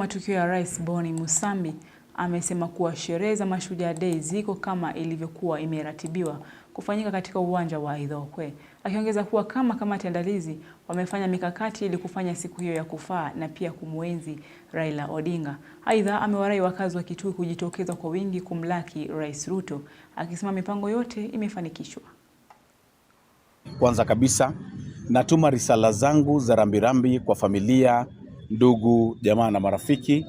Matukio ya Rais Boni Musambi amesema kuwa sherehe za Mashujaa Day ziko kama ilivyokuwa imeratibiwa kufanyika katika uwanja wa Ithookwe, akiongeza kuwa kama kamati andalizi wamefanya mikakati ili kufanya siku hiyo ya kufaa na pia kumuenzi Raila Odinga. Aidha, amewarai wakazi wa Kitui kujitokeza kwa wingi kumlaki Rais Ruto, akisema mipango yote imefanikishwa. Kwanza kabisa natuma risala zangu za rambirambi kwa familia ndugu jamaa na marafiki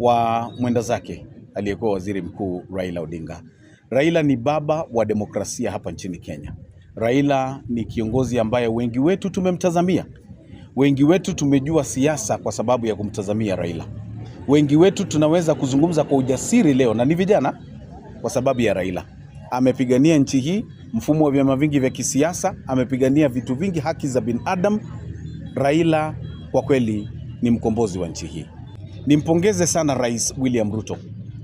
wa mwenda zake aliyekuwa waziri mkuu Raila Odinga. Raila ni baba wa demokrasia hapa nchini Kenya. Raila ni kiongozi ambaye wengi wetu tumemtazamia. Wengi wetu tumejua siasa kwa sababu ya kumtazamia Raila. Wengi wetu tunaweza kuzungumza kwa ujasiri leo na ni vijana kwa sababu ya Raila. Amepigania nchi hii, mfumo wa vyama vingi vya kisiasa, amepigania vitu vingi, haki za binadamu. Raila kwa kweli ni mkombozi wa nchi hii. Nimpongeze sana Rais William Ruto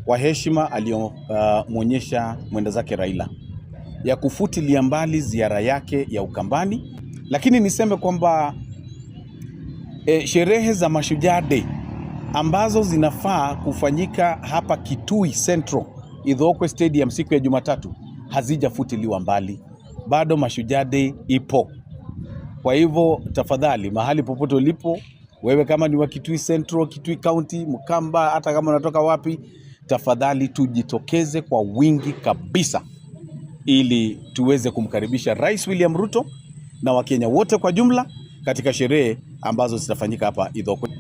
kwa heshima aliyomwonyesha uh, mwenda zake Raila ya kufutilia mbali ziara yake ya Ukambani, lakini niseme kwamba e, sherehe za Mashujaa Day ambazo zinafaa kufanyika hapa Kitui Central Ithookwe Stadium siku ya Jumatatu hazijafutiliwa mbali, bado Mashujaa Day ipo. Kwa hivyo tafadhali, mahali popote ulipo wewe kama ni wa Kitui Central, Kitui County, Mkamba, hata kama unatoka wapi, tafadhali tujitokeze kwa wingi kabisa ili tuweze kumkaribisha Rais William Ruto na Wakenya wote kwa jumla katika sherehe ambazo zitafanyika hapa Ithookwe.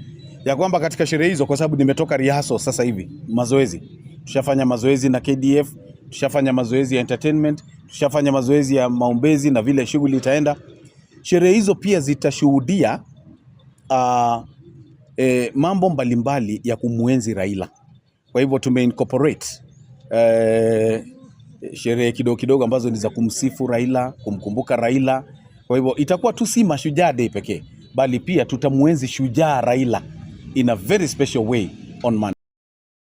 Ya kwamba katika sherehe hizo, kwa sababu nimetoka riaso sasa hivi, mazoezi tushafanya mazoezi na KDF, tushafanya mazoezi ya entertainment, tushafanya mazoezi ya maombezi na vile shughuli itaenda. Sherehe hizo pia zitashuhudia uh, eh, mambo mbalimbali ya kumwenzi Raila. Kwa hivyo incorporate eh, sherehe kidogo kidogo ambazo ni za kumsifu Raila, kumkumbuka Raila. Kwa hivyo itakuwa tu si mashujaa day pekee, bali pia tutamwenzi shujaa Raila in a very special way on Monday.